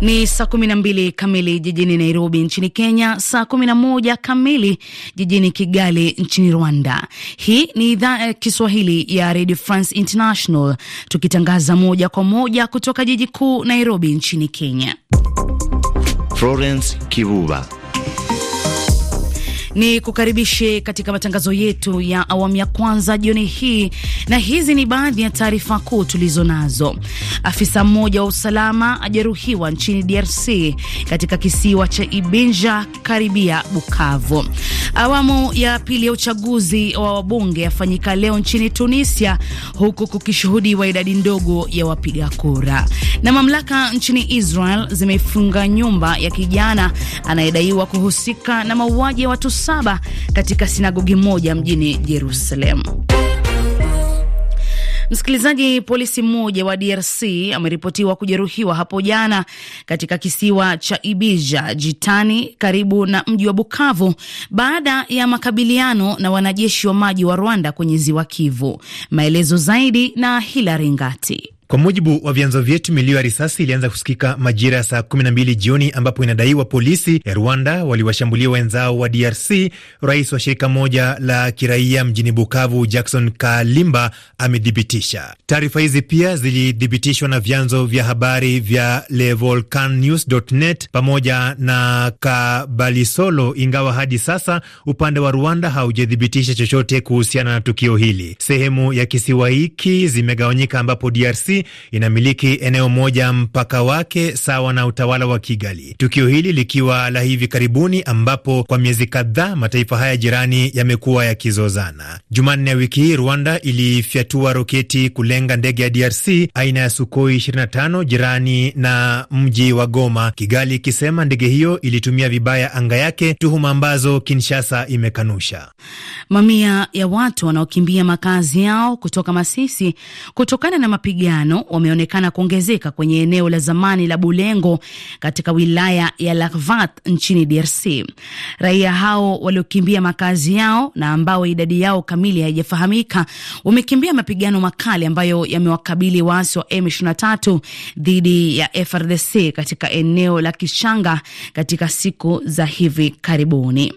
Ni saa 12 kamili jijini Nairobi nchini Kenya, saa 11 kamili jijini Kigali nchini Rwanda. Hii ni idhaa ya Kiswahili ya Radio France International, tukitangaza moja kwa moja kutoka jiji kuu Nairobi nchini Kenya. Florence Kivuva ni kukaribishe katika matangazo yetu ya awamu ya kwanza jioni hii, na hizi ni baadhi ya taarifa kuu tulizo nazo. Afisa mmoja wa usalama ajeruhiwa nchini DRC katika kisiwa cha Ibinja karibia Bukavu. Awamu ya pili ya uchaguzi wa wabunge yafanyika leo nchini Tunisia, huku kukishuhudiwa idadi ndogo ya wapiga kura. Na mamlaka nchini Israel zimefunga nyumba ya kijana anayedaiwa kuhusika na mauaji ya watu saba katika sinagogi moja mjini Jerusalem. Msikilizaji, polisi mmoja wa DRC ameripotiwa kujeruhiwa hapo jana katika kisiwa cha Ibija Jitani karibu na mji wa Bukavu baada ya makabiliano na wanajeshi wa maji wa Rwanda kwenye ziwa Kivu. Maelezo zaidi na Hilari Ngati. Kwa mujibu wa vyanzo vyetu, milio ya risasi ilianza kusikika majira ya saa 12 jioni, ambapo inadaiwa polisi ya Rwanda waliwashambulia wenzao wa DRC. Rais wa shirika moja la kiraia mjini Bukavu, Jackson Kalimba, amethibitisha taarifa hizi. Pia zilithibitishwa na vyanzo vya habari vya levolcannews.net pamoja na Kabalisolo, ingawa hadi sasa upande wa Rwanda haujathibitisha chochote kuhusiana na tukio hili. Sehemu ya kisiwa hiki zimegawanyika, ambapo DRC inamiliki eneo moja mpaka wake sawa na utawala wa Kigali, tukio hili likiwa la hivi karibuni ambapo kwa miezi kadhaa mataifa haya jirani yamekuwa yakizozana. Jumanne ya wiki hii Rwanda ilifyatua roketi kulenga ndege ya DRC aina ya Sukoi 25 jirani na mji wa Goma, Kigali ikisema ndege hiyo ilitumia vibaya anga yake, tuhuma ambazo Kinshasa imekanusha. Mamia ya watu wanaokimbia makazi yao kutoka Masisi kutokana na mapigano mapigano wameonekana kuongezeka kwenye eneo la zamani la Bulengo katika wilaya ya Lakvat nchini DRC. Raia hao waliokimbia makazi yao na ambao idadi yao kamili haijafahamika wamekimbia mapigano makali ambayo yamewakabili waasi wa M23 dhidi ya FRDC katika eneo la Kishanga katika siku za hivi karibuni.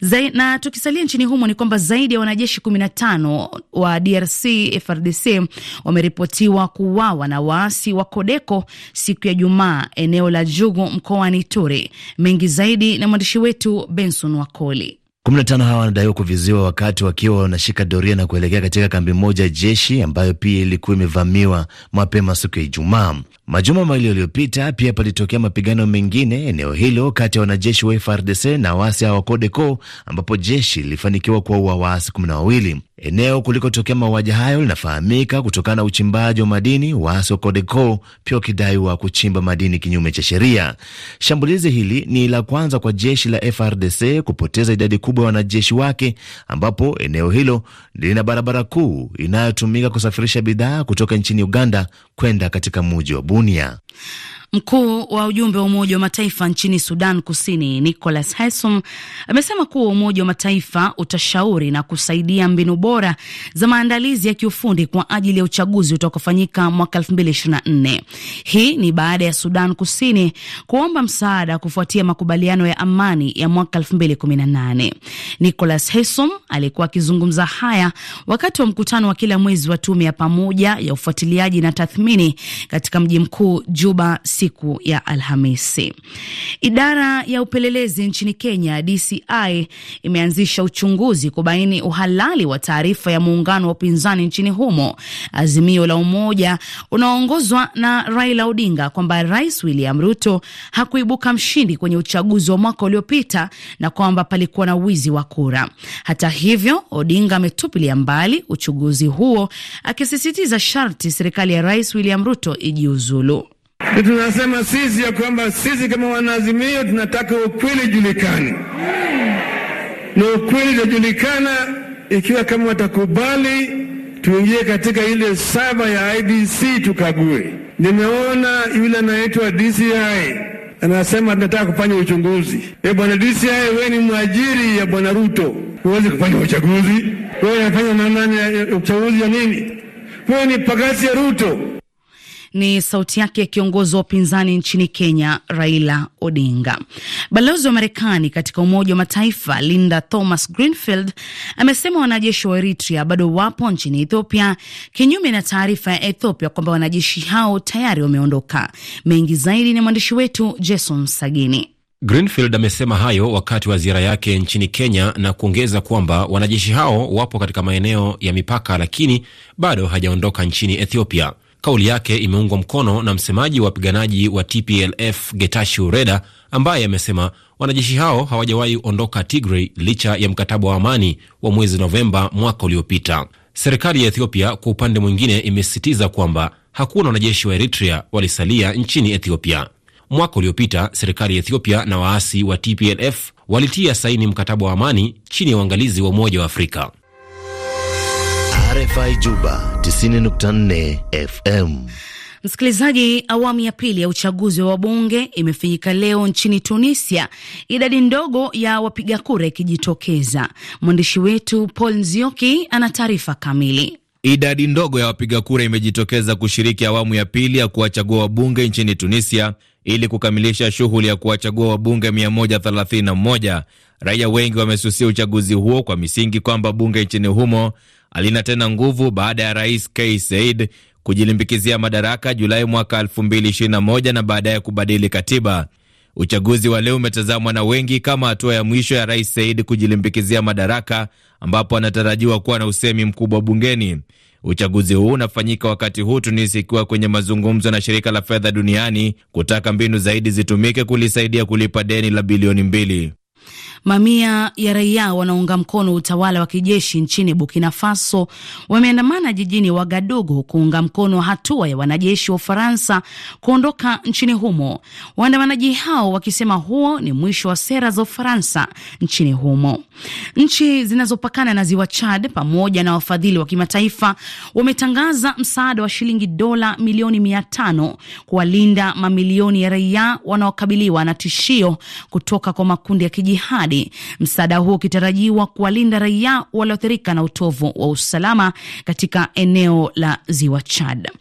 Zai, na tukisalia nchini humo ni kwamba zaidi ya wanajeshi 15 wa DRC FRDC wameripotiwa kuuawa na waasi wa Kodeko siku ya Jumaa eneo la Jugu mkoani Ture. Mengi zaidi na mwandishi wetu Benson Wakoli. 15 hawa wanadaiwa kuviziwa wakati wakiwa wanashika doria na kuelekea katika kambi moja ya jeshi ambayo pia ilikuwa imevamiwa mapema siku ya Ijumaa. Majuma mawili yaliyopita pia palitokea mapigano mengine eneo hilo kati ya wanajeshi wa FRDC na waasi hawa CODECO, ambapo jeshi lilifanikiwa kuwaua waasi kumi na wawili. Eneo kulikotokea mauaji hayo linafahamika kutokana na uchimbaji wa madini, waasi wa CODECO pia wakidaiwa kuchimba madini kinyume cha sheria. Shambulizi hili ni la kwanza kwa jeshi la FRDC kupoteza idadi kubwa ya wanajeshi wake, ambapo eneo hilo lina barabara kuu inayotumika kusafirisha bidhaa kutoka nchini Uganda kwenda katika muji wa Bunia. Mkuu wa ujumbe wa Umoja wa Mataifa nchini Sudan Kusini Nicholas Haysom amesema kuwa Umoja wa Mataifa utashauri na kusaidia mbinu bora za maandalizi ya kiufundi kwa ajili ya uchaguzi utakaofanyika mwaka 2024. Hii ni baada ya Sudan Kusini kuomba msaada kufuatia makubaliano ya amani ya mwaka 2018. Nicholas Haysom alikuwa akizungumza haya wakati wa mkutano wa kila mwezi wa tume ya pamoja ya ufuatiliaji na tathmini katika mji mkuu Juba siku ya Alhamisi. Idara ya upelelezi nchini Kenya, DCI, imeanzisha uchunguzi kubaini uhalali wa taarifa ya muungano wa upinzani nchini humo, Azimio la Umoja, unaoongozwa na Raila Odinga, kwamba Rais William Ruto hakuibuka mshindi kwenye uchaguzi wa mwaka uliopita na kwamba palikuwa na wizi wa kura. Hata hivyo, Odinga ametupilia mbali uchunguzi huo, akisisitiza sharti serikali ya Rais William Ruto ijiuzulu. Tunasema sisi ya kwamba sisi kama wanaazimio tunataka ukweli julikani na ukweli utajulikana ikiwa kama watakubali tuingie katika ile saba ya IDC tukague. Nimeona yule anaitwa DCI anasema tunataka kufanya uchunguzi. E bwana DCI, we ni mwajiri ya bwana Ruto, huwezi kufanya uchaguzi. Wewe unafanya nani uchaguzi ya nini? Wewe ni pagasi ya Ruto. Ni sauti yake ya kiongozi wa upinzani nchini Kenya, Raila Odinga. Balozi wa Marekani katika Umoja wa Mataifa Linda Thomas Greenfield amesema wanajeshi wa Eritrea bado wapo nchini Ethiopia, kinyume na taarifa ya Ethiopia kwamba wanajeshi hao tayari wameondoka. Mengi zaidi ni mwandishi wetu Jason Sagini. Greenfield amesema hayo wakati wa ziara yake nchini Kenya na kuongeza kwamba wanajeshi hao wapo katika maeneo ya mipaka, lakini bado hajaondoka nchini Ethiopia. Kauli yake imeungwa mkono na msemaji wa wapiganaji wa TPLF Getachew Reda ambaye amesema wanajeshi hao hawajawahi ondoka Tigray licha ya mkataba wa amani wa mwezi Novemba mwaka uliopita. Serikali ya Ethiopia kwa upande mwingine imesisitiza kwamba hakuna wanajeshi wa Eritrea walisalia nchini Ethiopia. Mwaka uliopita serikali ya Ethiopia na waasi wa TPLF walitia saini mkataba wa amani chini ya uangalizi wa Umoja wa Afrika. RFI Juba 90.4 FM. Msikilizaji, awamu ya pili ya uchaguzi wa wabunge imefanyika leo nchini Tunisia, idadi ndogo ya wapiga kura ikijitokeza. Mwandishi wetu Paul Nzioki ana taarifa kamili. Idadi ndogo ya wapiga kura imejitokeza kushiriki awamu ya pili ya kuwachagua wabunge nchini Tunisia ili kukamilisha shughuli ya kuwachagua wabunge 131. Raia wengi wamesusia uchaguzi huo kwa misingi kwamba bunge nchini humo alina tena nguvu baada ya rais K Said kujilimbikizia madaraka Julai mwaka 2021 na baadaye kubadili katiba. Uchaguzi wa leo umetazamwa na wengi kama hatua ya mwisho ya rais Said kujilimbikizia madaraka, ambapo anatarajiwa kuwa na usemi mkubwa bungeni. Uchaguzi huu unafanyika wakati huu Tunisi ikiwa kwenye mazungumzo na shirika la fedha duniani kutaka mbinu zaidi zitumike kulisaidia kulipa deni la bilioni mbili. Mamia ya raia wanaunga mkono utawala wa kijeshi nchini Burkina Faso wameandamana jijini Wagadugu kuunga mkono hatua ya wanajeshi wa Ufaransa kuondoka nchini humo, waandamanaji hao wakisema huo ni mwisho wa sera za Ufaransa nchini humo. Nchi zinazopakana na ziwa Chad pamoja na wafadhili wa kimataifa wametangaza msaada wa shilingi dola milioni mia tano kuwalinda mamilioni ya raia wanaokabiliwa na tishio kutoka kwa makundi ya kijihadi Chadi. Msaada huo ukitarajiwa kuwalinda raia walioathirika na utovu wa usalama katika eneo la ziwa Chad.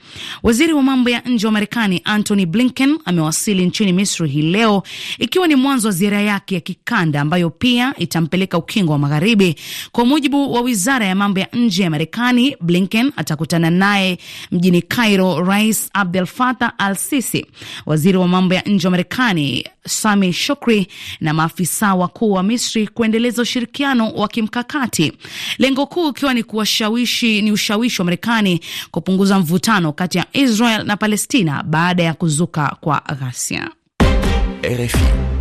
Waziri wa mambo ya nje wa Marekani Antony Blinken amewasili nchini Misri hii leo, ikiwa ni mwanzo wa ziara yake ya kikanda ambayo pia itampeleka ukingo wa Magharibi. Kwa mujibu wa wizara ya mambo ya nje ya Marekani, Blinken atakutana naye mjini Cairo Rais Abdel Fattah al Sisi, waziri wa mambo ya nje wa Marekani Sami Shukri na maafisa wakuu wa Misri kuendeleza ushirikiano wa kimkakati, lengo kuu ikiwa ni kuwashawishi ni ushawishi wa Marekani kupunguza mvutano kati ya Israel na Palestina baada ya kuzuka kwa ghasia. RFI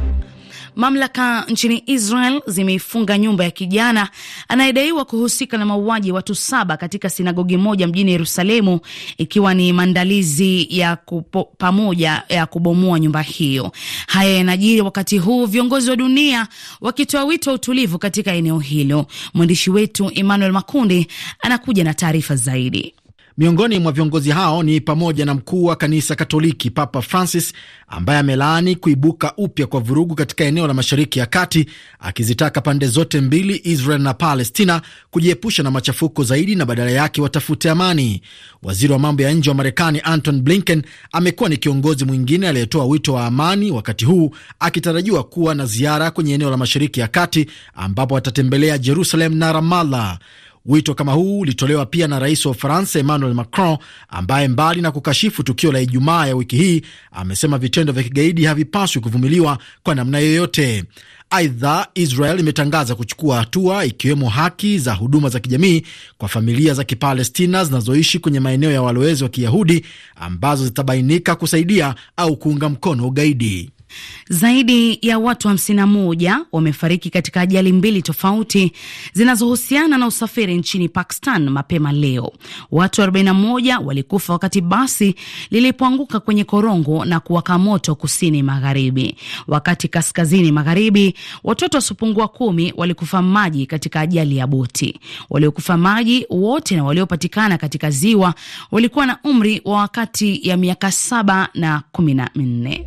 Mamlaka nchini Israel zimeifunga nyumba ya kijana anayedaiwa kuhusika na mauaji ya watu saba katika sinagogi moja mjini Yerusalemu, ikiwa ni maandalizi ya kupo, pamoja ya kubomoa nyumba hiyo. Haya yanajiri wakati huu viongozi wa dunia wakitoa wito wa utulivu katika eneo hilo. Mwandishi wetu Emmanuel Makundi anakuja na taarifa zaidi. Miongoni mwa viongozi hao ni pamoja na mkuu wa kanisa Katoliki Papa Francis ambaye amelaani kuibuka upya kwa vurugu katika eneo la Mashariki ya Kati, akizitaka pande zote mbili, Israel na Palestina, kujiepusha na machafuko zaidi na badala yake watafute amani. Waziri wa mambo ya nje wa Marekani Anton Blinken amekuwa ni kiongozi mwingine aliyetoa wito wa amani, wakati huu akitarajiwa kuwa na ziara kwenye eneo la Mashariki ya Kati ambapo atatembelea Jerusalem na Ramallah. Wito kama huu ulitolewa pia na rais wa Ufaransa Emmanuel Macron, ambaye mbali na kukashifu tukio la Ijumaa ya wiki hii, amesema vitendo vya kigaidi havipaswi kuvumiliwa kwa namna yoyote. Aidha, Israel imetangaza kuchukua hatua ikiwemo haki za huduma za kijamii kwa familia za Kipalestina zinazoishi kwenye maeneo ya walowezi wa Kiyahudi ambazo zitabainika kusaidia au kuunga mkono ugaidi. Zaidi ya watu 51 wamefariki katika ajali mbili tofauti zinazohusiana na usafiri nchini Pakistan mapema leo. Watu 41 walikufa wakati basi lilipoanguka kwenye korongo na kuwaka moto kusini magharibi, wakati kaskazini magharibi watoto wasiopungua kumi walikufa maji katika ajali ya boti. Waliokufa maji wote na waliopatikana katika ziwa walikuwa na umri wa wakati ya miaka saba na kumi na nne.